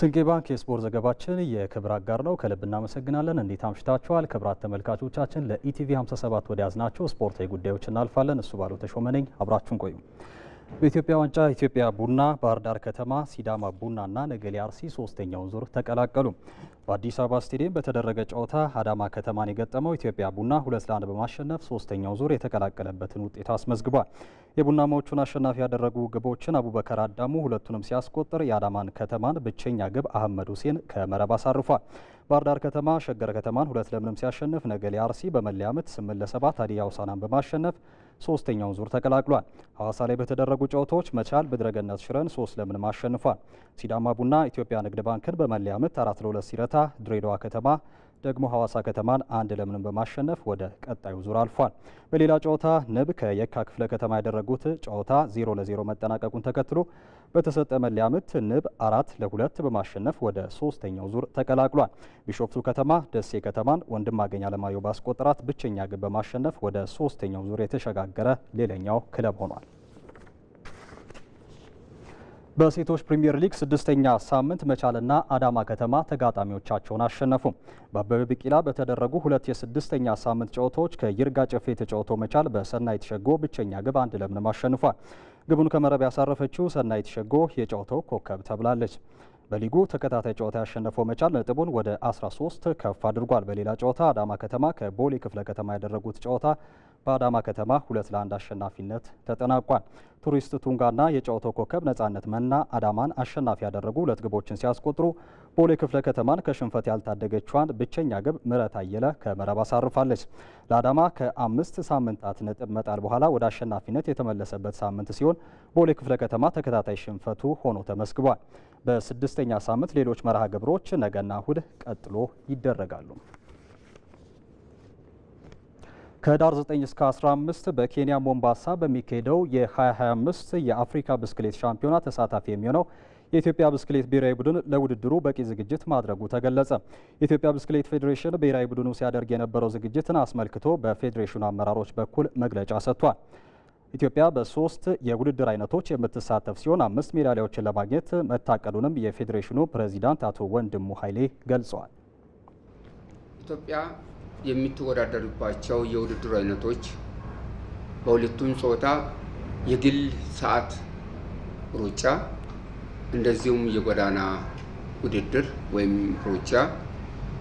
ስልጤ ባንክ የስፖርት ዘገባችን የክብር አጋር ነው። ከልብ እናመሰግናለን። እንዴት አምሽታችኋል? ክብራት ተመልካቾቻችን ለኢቲቪ 57 ወደ ያዝናቸው ስፖርታዊ ጉዳዮች እናልፋለን። እሱ ባለው ተሾመ ነኝ። አብራችሁን ቆዩ። በኢትዮጵያ ዋንጫ ኢትዮጵያ ቡና ባህር ዳር ከተማ፣ ሲዳማ ቡናና ነገሌ አርሲ ሶስተኛውን ዙር ተቀላቀሉ። በአዲስ አበባ ስቴዲየም በተደረገ ጨዋታ አዳማ ከተማን የገጠመው ኢትዮጵያ ቡና ሁለት ለአንድ በማሸነፍ ሶስተኛው ዙር የተቀላቀለበትን ውጤት አስመዝግቧል። የቡናማዎቹን አሸናፊ ያደረጉ ግቦችን አቡበከር አዳሙ ሁለቱንም ሲያስቆጥር የአዳማን ከተማን ብቸኛ ግብ አህመድ ሁሴን ከመረብ አሳርፏል። ባህር ዳር ከተማ ሸገር ከተማን ሁለት ለምንም ሲያሸንፍ ነገሌ አርሲ በመለያ ምት ስምንት ለሰባት ሀዲያ ሆሳዕናን በማሸነፍ ሶስተኛውን ዙር ተቀላቅሏል። ሐዋሳ ላይ በተደረጉ ጨዋታዎች መቻል ብድረገነት ሽረን ሶስት ለምንም አሸንፏል። ሲዳማ ቡና ኢትዮጵያ ንግድ ባንክን በመለያ ምት አራት ለሁለት ሲረታ ድሬዳዋ ከተማ ደግሞ ሐዋሳ ከተማን አንድ ለምንም በማሸነፍ ወደ ቀጣዩ ዙር አልፏል። በሌላ ጨዋታ ንብ ከየካ ክፍለ ከተማ ያደረጉት ጨዋታ ዜሮ ለዜሮ መጠናቀቁን ተከትሎ በተሰጠ መለያ ምት ንብ አራት ለሁለት በማሸነፍ ወደ ሶስተኛው ዙር ተቀላቅሏል። ቢሾፍቱ ከተማ ደሴ ከተማን ወንድም አገኝ አለማየሁ ባስቆጠራት ብቸኛ ግብ በማሸነፍ ወደ ሶስተኛው ዙር የተሸጋገረ ሌላኛው ክለብ ሆኗል። በሴቶች ፕሪምየር ሊግ ስድስተኛ ሳምንት መቻልና አዳማ ከተማ ተጋጣሚዎቻቸውን አሸነፉ። በአበበ ቢቂላ በተደረጉ ሁለት የስድስተኛ ሳምንት ጨዋታዎች ከይርጋ ጨፌ የተጫወተው መቻል በሰናይት ሸጎ ብቸኛ ግብ አንድ ለምንም አሸንፏል። ግቡን ከመረብ ያሳረፈችው ሰናይት ሸጎ የጨዋታው ኮከብ ተብላለች። በሊጉ ተከታታይ ጨዋታ ያሸነፈው መቻል ነጥቡን ወደ 13 ከፍ አድርጓል። በሌላ ጨዋታ አዳማ ከተማ ከቦሌ ክፍለ ከተማ ያደረጉት ጨዋታ በአዳማ ከተማ ሁለት ለአንድ አሸናፊነት ተጠናቋል። ቱሪስት ቱንጋና የጨዋታው ኮከብ ነጻነት መና አዳማን አሸናፊ ያደረጉ ሁለት ግቦችን ሲያስቆጥሩ ቦሌ ክፍለ ከተማን ከሽንፈት ያልታደገችዋን ብቸኛ ግብ ምረት አየለ ከመረብ አሳርፋለች። ለአዳማ ከአምስት ሳምንታት ነጥብ መጣል በኋላ ወደ አሸናፊነት የተመለሰበት ሳምንት ሲሆን ቦሌ ክፍለ ከተማ ተከታታይ ሽንፈቱ ሆኖ ተመስግቧል። በስድስተኛ ሳምንት ሌሎች መርሃ ግብሮች ነገና እሁድ ቀጥሎ ይደረጋሉ። ከዳር 9 እስከ 15 በኬንያ ሞምባሳ በሚካሄደው የ2025 የአፍሪካ ብስክሌት ሻምፒዮና ተሳታፊ የሚሆነው የኢትዮጵያ ብስክሌት ብሔራዊ ቡድን ለውድድሩ በቂ ዝግጅት ማድረጉ ተገለጸ። የኢትዮጵያ ብስክሌት ፌዴሬሽን ብሔራዊ ቡድኑ ሲያደርግ የነበረው ዝግጅትን አስመልክቶ በፌዴሬሽኑ አመራሮች በኩል መግለጫ ሰጥቷል። ኢትዮጵያ በሶስት የውድድር አይነቶች የምትሳተፍ ሲሆን አምስት ሜዳሊያዎችን ለማግኘት መታቀዱንም የፌዴሬሽኑ ፕሬዚዳንት አቶ ወንድሙ ኃይሌ ገልጸዋል። ኢትዮጵያ የሚትወዳደርባቸው የውድድር አይነቶች በሁለቱም ጾታ የግል ሰዓት ሩጫ እንደዚሁም የጎዳና ውድድር ወይም ሩጫ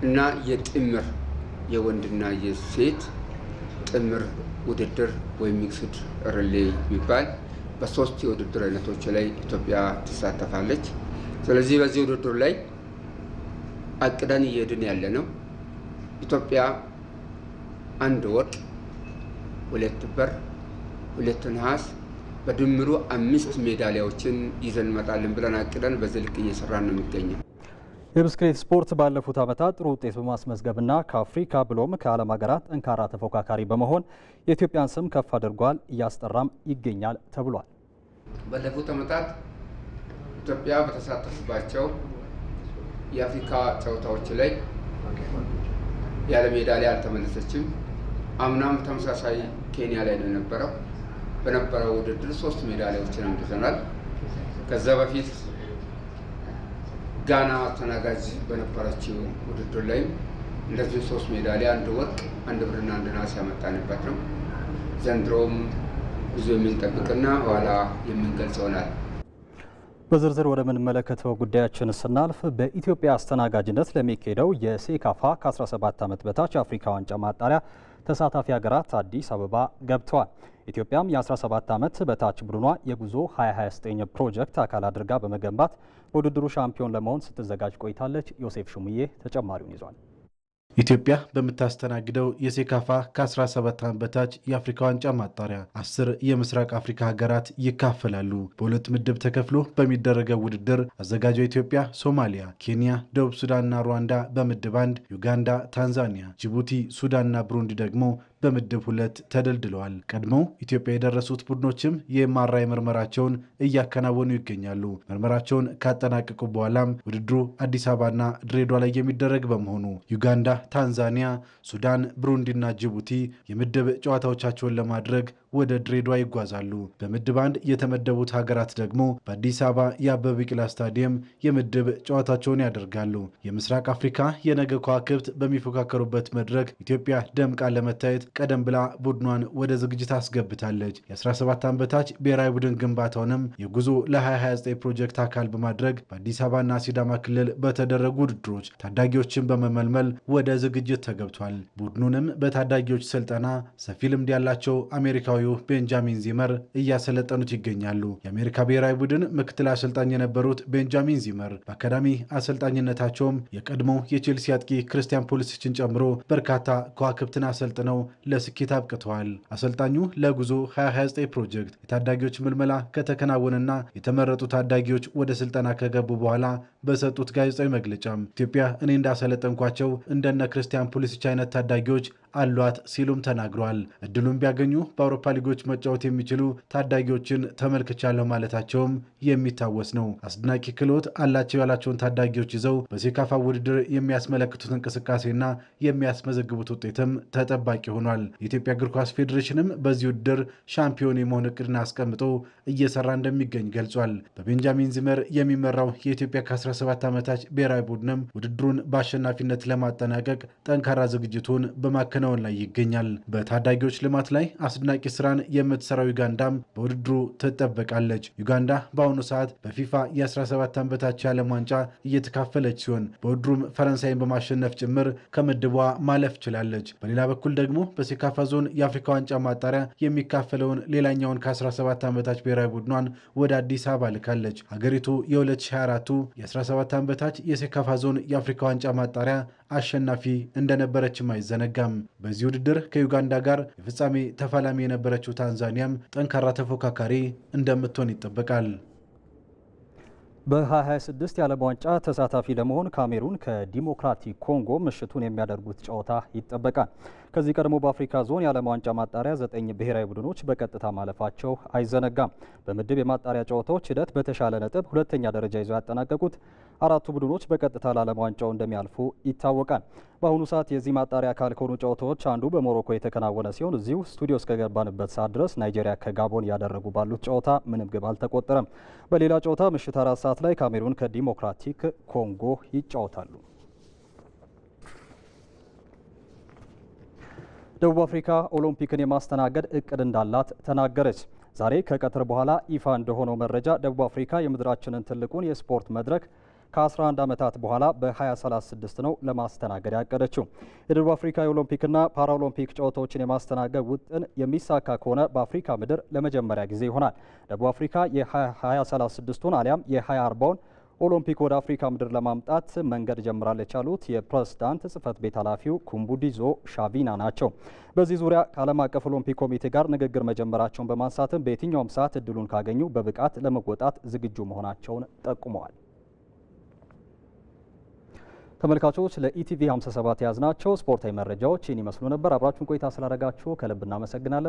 እና የጥምር የወንድና የሴት ጥምር ውድድር ወይም ሚክስድ ርሌ የሚባል በሶስት የውድድር አይነቶች ላይ ኢትዮጵያ ትሳተፋለች። ስለዚህ በዚህ ውድድር ላይ አቅደን እየሄድን ያለ ነው። ኢትዮጵያ አንድ ወርቅ፣ ሁለት ብር፣ ሁለት ነሐስ በድምሩ አምስት ሜዳሊያዎችን ይዘን እንመጣለን ብለን አቅደን በዚህ ልክ እየሰራን ነው የሚገኘው። የብስክሌት ስፖርት ባለፉት ዓመታት ጥሩ ውጤት በማስመዝገብና ከአፍሪካ ብሎም ከዓለም ሀገራት ጠንካራ ተፎካካሪ በመሆን የኢትዮጵያን ስም ከፍ አድርጓል፣ እያስጠራም ይገኛል ተብሏል። ባለፉት ዓመታት ኢትዮጵያ በተሳተፉባቸው የአፍሪካ ጨዋታዎች ላይ ያለ ሜዳሊያ አልተመለሰችም። አምናም ተመሳሳይ ኬንያ ላይ ነው የነበረው። በነበረው ውድድር ሶስት ሜዳሊያዎችን አምጥተናል። ከዛ በፊት ጋና አስተናጋጅ በነበረችው ውድድር ላይ እንደዚህ ሶስት ሜዳሊያ፣ አንድ ወርቅ፣ አንድ ብርና አንድ ናስ ያመጣንበት ነው። ዘንድሮም ብዙ የምንጠብቅና ኋላ የምንገልጸውናል። በዝርዝር ወደምንመለከተው ጉዳያችን ስናልፍ በኢትዮጵያ አስተናጋጅነት ለሚካሄደው የሴካፋ ከ17 ዓመት በታች አፍሪካ ዋንጫ ማጣሪያ ተሳታፊ ሀገራት አዲስ አበባ ገብተዋል። ኢትዮጵያም የ17 ዓመት በታች ቡድኗ የጉዞ 2029 ፕሮጀክት አካል አድርጋ በመገንባት በውድድሩ ሻምፒዮን ለመሆን ስትዘጋጅ ቆይታለች። ዮሴፍ ሹሙዬ ተጨማሪውን ይዟል። ኢትዮጵያ በምታስተናግደው የሴካፋ ከ17 ዓመት በታች የአፍሪካ ዋንጫ ማጣሪያ አስር የምስራቅ አፍሪካ ሀገራት ይካፈላሉ። በሁለት ምድብ ተከፍሎ በሚደረገው ውድድር አዘጋጇ ኢትዮጵያ፣ ሶማሊያ፣ ኬንያ፣ ደቡብ ሱዳንና ሩዋንዳ በምድብ አንድ፣ ዩጋንዳ፣ ታንዛኒያ፣ ጅቡቲ፣ ሱዳንና ብሩንዲ ደግሞ በምድብ ሁለት ተደልድለዋል። ቀድሞ ኢትዮጵያ የደረሱት ቡድኖችም የማራይ ምርመራቸውን እያከናወኑ ይገኛሉ። ምርመራቸውን ካጠናቀቁ በኋላም ውድድሩ አዲስ አበባና ድሬዷ ላይ የሚደረግ በመሆኑ ዩጋንዳ፣ ታንዛኒያ፣ ሱዳን፣ ብሩንዲና ጅቡቲ የምድብ ጨዋታዎቻቸውን ለማድረግ ወደ ድሬዳዋ ይጓዛሉ። በምድብ አንድ የተመደቡት ሀገራት ደግሞ በአዲስ አበባ የአበበ ቢቂላ ስታዲየም የምድብ ጨዋታቸውን ያደርጋሉ። የምስራቅ አፍሪካ የነገ ከዋክብት በሚፎካከሩበት መድረክ ኢትዮጵያ ደምቃ ለመታየት ቀደም ብላ ቡድኗን ወደ ዝግጅት አስገብታለች። የ17 ዓመት በታች ብሔራዊ ቡድን ግንባታውንም የጉዞ ለ2029 ፕሮጀክት አካል በማድረግ በአዲስ አበባና ሲዳማ ክልል በተደረጉ ውድድሮች ታዳጊዎችን በመመልመል ወደ ዝግጅት ተገብቷል። ቡድኑንም በታዳጊዎች ስልጠና ሰፊ ልምድ ያላቸው አሜሪካ ፈረንሳዊው ቤንጃሚን ዚመር እያሰለጠኑት ይገኛሉ። የአሜሪካ ብሔራዊ ቡድን ምክትል አሰልጣኝ የነበሩት ቤንጃሚን ዚመር በአካዳሚ አሰልጣኝነታቸውም የቀድሞ የቼልሲ አጥቂ ክርስቲያን ፖሊሲችን ጨምሮ በርካታ ከዋክብትን አሰልጥነው ለስኬት አብቅተዋል። አሰልጣኙ ለጉዞ 2029 ፕሮጀክት የታዳጊዎች ምልመላ ከተከናወነና የተመረጡ ታዳጊዎች ወደ ስልጠና ከገቡ በኋላ በሰጡት ጋዜጣዊ መግለጫም ኢትዮጵያ እኔ እንዳሰለጠንኳቸው እንደነ ክርስቲያን ፖሊሲች አይነት ታዳጊዎች አሏት ሲሉም ተናግረዋል። እድሉን ቢያገኙ በአውሮፓ ሊጎች መጫወት የሚችሉ ታዳጊዎችን ተመልክቻለሁ ማለታቸውም የሚታወስ ነው። አስደናቂ ክህሎት አላቸው ያላቸውን ታዳጊዎች ይዘው በሴካፋ ውድድር የሚያስመለክቱት እንቅስቃሴና የሚያስመዘግቡት ውጤትም ተጠባቂ ሆኗል። የኢትዮጵያ እግር ኳስ ፌዴሬሽንም በዚህ ውድድር ሻምፒዮን የመሆን እቅድን አስቀምጦ እየሰራ እንደሚገኝ ገልጿል። በቤንጃሚን ዚመር የሚመራው የኢትዮጵያ ከ17 ዓመታች ብሔራዊ ቡድንም ውድድሩን በአሸናፊነት ለማጠናቀቅ ጠንካራ ዝግጅቱን በማከ በማከናወን ላይ ይገኛል። በታዳጊዎች ልማት ላይ አስደናቂ ስራን የምትሰራው ዩጋንዳም በውድድሩ ትጠበቃለች። ዩጋንዳ በአሁኑ ሰዓት በፊፋ የ17 ዓመት በታች የዓለም ዋንጫ እየተካፈለች ሲሆን በውድሩም ፈረንሳይን በማሸነፍ ጭምር ከምድቧ ማለፍ ችላለች። በሌላ በኩል ደግሞ በሴካፋ ዞን የአፍሪካ ዋንጫ ማጣሪያ የሚካፈለውን ሌላኛውን ከ17 ዓመት በታች ብሔራዊ ቡድኗን ወደ አዲስ አበባ ልካለች። ሀገሪቱ የ2024ቱ የ17 ዓመት በታች የሴካፋ ዞን የአፍሪካ ዋንጫ ማጣሪያ አሸናፊ እንደነበረችም አይዘነጋም። በዚህ ውድድር ከዩጋንዳ ጋር የፍጻሜ ተፋላሚ የነበረችው ታንዛኒያም ጠንካራ ተፎካካሪ እንደምትሆን ይጠበቃል። በ2026 የዓለም ዋንጫ ተሳታፊ ለመሆን ካሜሩን ከዲሞክራቲክ ኮንጎ ምሽቱን የሚያደርጉት ጨዋታ ይጠበቃል። ከዚህ ቀድሞ በአፍሪካ ዞን የዓለም ዋንጫ ማጣሪያ ዘጠኝ ብሔራዊ ቡድኖች በቀጥታ ማለፋቸው አይዘነጋም። በምድብ የማጣሪያ ጨዋታዎች ሂደት በተሻለ ነጥብ ሁለተኛ ደረጃ ይዘው ያጠናቀቁት አራቱ ቡድኖች በቀጥታ ለዓለም ዋንጫው እንደሚያልፉ ይታወቃል። በአሁኑ ሰዓት የዚህ ማጣሪያ አካል ከሆኑ ጨዋታዎች አንዱ በሞሮኮ የተከናወነ ሲሆን እዚሁ ስቱዲዮ እስከገባንበት ሰዓት ድረስ ናይጄሪያ ከጋቦን ያደረጉ ባሉት ጨዋታ ምንም ግብ አልተቆጠረም። በሌላ ጨዋታ ምሽት አራት ሰዓት ላይ ካሜሩን ከዲሞክራቲክ ኮንጎ ይጫወታሉ። ደቡብ አፍሪካ ኦሎምፒክን የማስተናገድ እቅድ እንዳላት ተናገረች። ዛሬ ከቀትር በኋላ ይፋ እንደሆነው መረጃ ደቡብ አፍሪካ የምድራችንን ትልቁን የስፖርት መድረክ ከ11 ዓመታት በኋላ በ2036 ነው ለማስተናገድ ያቀደችው። የደቡብ አፍሪካ የኦሎምፒክና ፓራኦሎምፒክ ጨዋታዎችን የማስተናገድ ውጥን የሚሳካ ከሆነ በአፍሪካ ምድር ለመጀመሪያ ጊዜ ይሆናል። ደቡብ አፍሪካ የ2036ቱን አሊያም የ2040ን ኦሎምፒክ ወደ አፍሪካ ምድር ለማምጣት መንገድ ጀምራለች ያሉት የፕሬዝዳንት ጽህፈት ቤት ኃላፊው ኩምቡዲዞ ሻቪና ናቸው። በዚህ ዙሪያ ከዓለም አቀፍ ኦሎምፒክ ኮሚቴ ጋር ንግግር መጀመራቸውን በማንሳትም በየትኛውም ሰዓት እድሉን ካገኙ በብቃት ለመወጣት ዝግጁ መሆናቸውን ጠቁመዋል። ተመልካቾች ለኢቲቪ 57 የያዝናቸው ስፖርታዊ መረጃዎች ይህን ይመስሉ ነበር። አብራችሁን ቆይታ ስላደረጋችሁ ከልብ እናመሰግናለን።